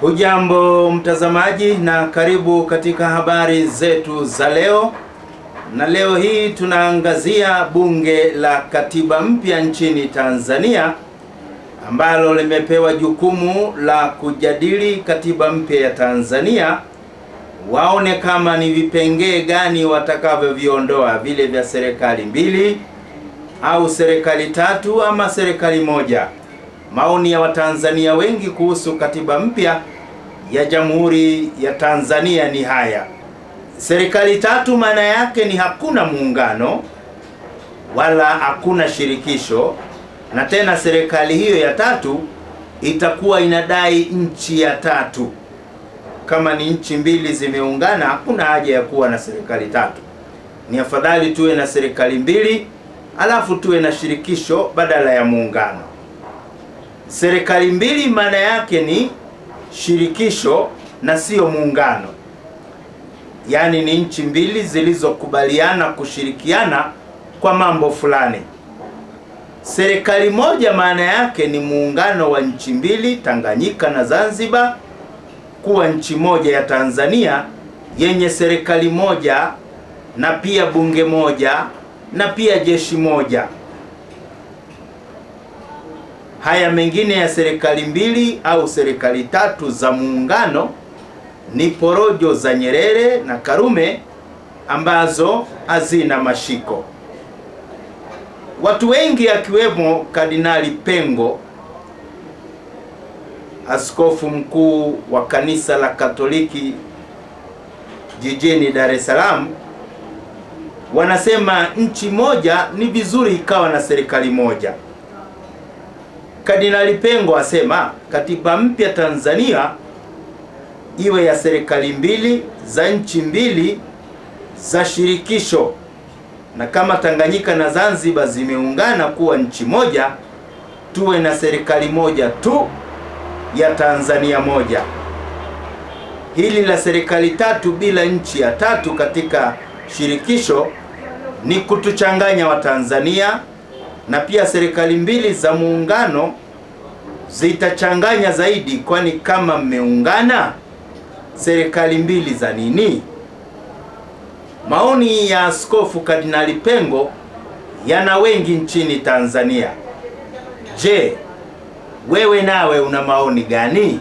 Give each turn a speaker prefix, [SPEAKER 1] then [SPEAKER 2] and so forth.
[SPEAKER 1] Hujambo mtazamaji, na karibu katika habari zetu za leo. Na leo hii tunaangazia bunge la katiba mpya nchini Tanzania ambalo limepewa jukumu la kujadili katiba mpya ya Tanzania, waone kama ni vipengee gani watakavyoviondoa, vile vya serikali mbili au serikali tatu ama serikali moja maoni ya Watanzania wengi kuhusu katiba mpya ya Jamhuri ya Tanzania ni haya: serikali tatu maana yake ni hakuna muungano wala hakuna shirikisho, na tena serikali hiyo ya tatu itakuwa inadai nchi ya tatu. Kama ni nchi mbili zimeungana, hakuna haja ya kuwa na serikali tatu. Ni afadhali tuwe na serikali mbili, alafu tuwe na shirikisho badala ya muungano serikali mbili maana yake ni shirikisho na siyo muungano, yaani ni nchi mbili zilizokubaliana kushirikiana kwa mambo fulani. Serikali moja maana yake ni muungano wa nchi mbili, Tanganyika na Zanzibar, kuwa nchi moja ya Tanzania yenye serikali moja na pia bunge moja na pia jeshi moja haya mengine ya serikali mbili au serikali tatu za muungano ni porojo za Nyerere na Karume ambazo hazina mashiko. Watu wengi akiwemo Kardinali Pengo, askofu mkuu wa kanisa la Katoliki jijini Dar es Salaam, wanasema nchi moja ni vizuri ikawa na serikali moja. Kardinali Pengo asema katiba mpya Tanzania iwe ya serikali mbili za nchi mbili za shirikisho, na kama Tanganyika na Zanzibar zimeungana kuwa nchi moja, tuwe na serikali moja tu ya Tanzania moja. Hili la serikali tatu bila nchi ya tatu katika shirikisho ni kutuchanganya Watanzania na pia serikali mbili za muungano zitachanganya zaidi, kwani kama mmeungana serikali mbili za nini? Maoni ya Askofu Kardinali Pengo yana wengi nchini Tanzania. Je, wewe nawe una maoni gani?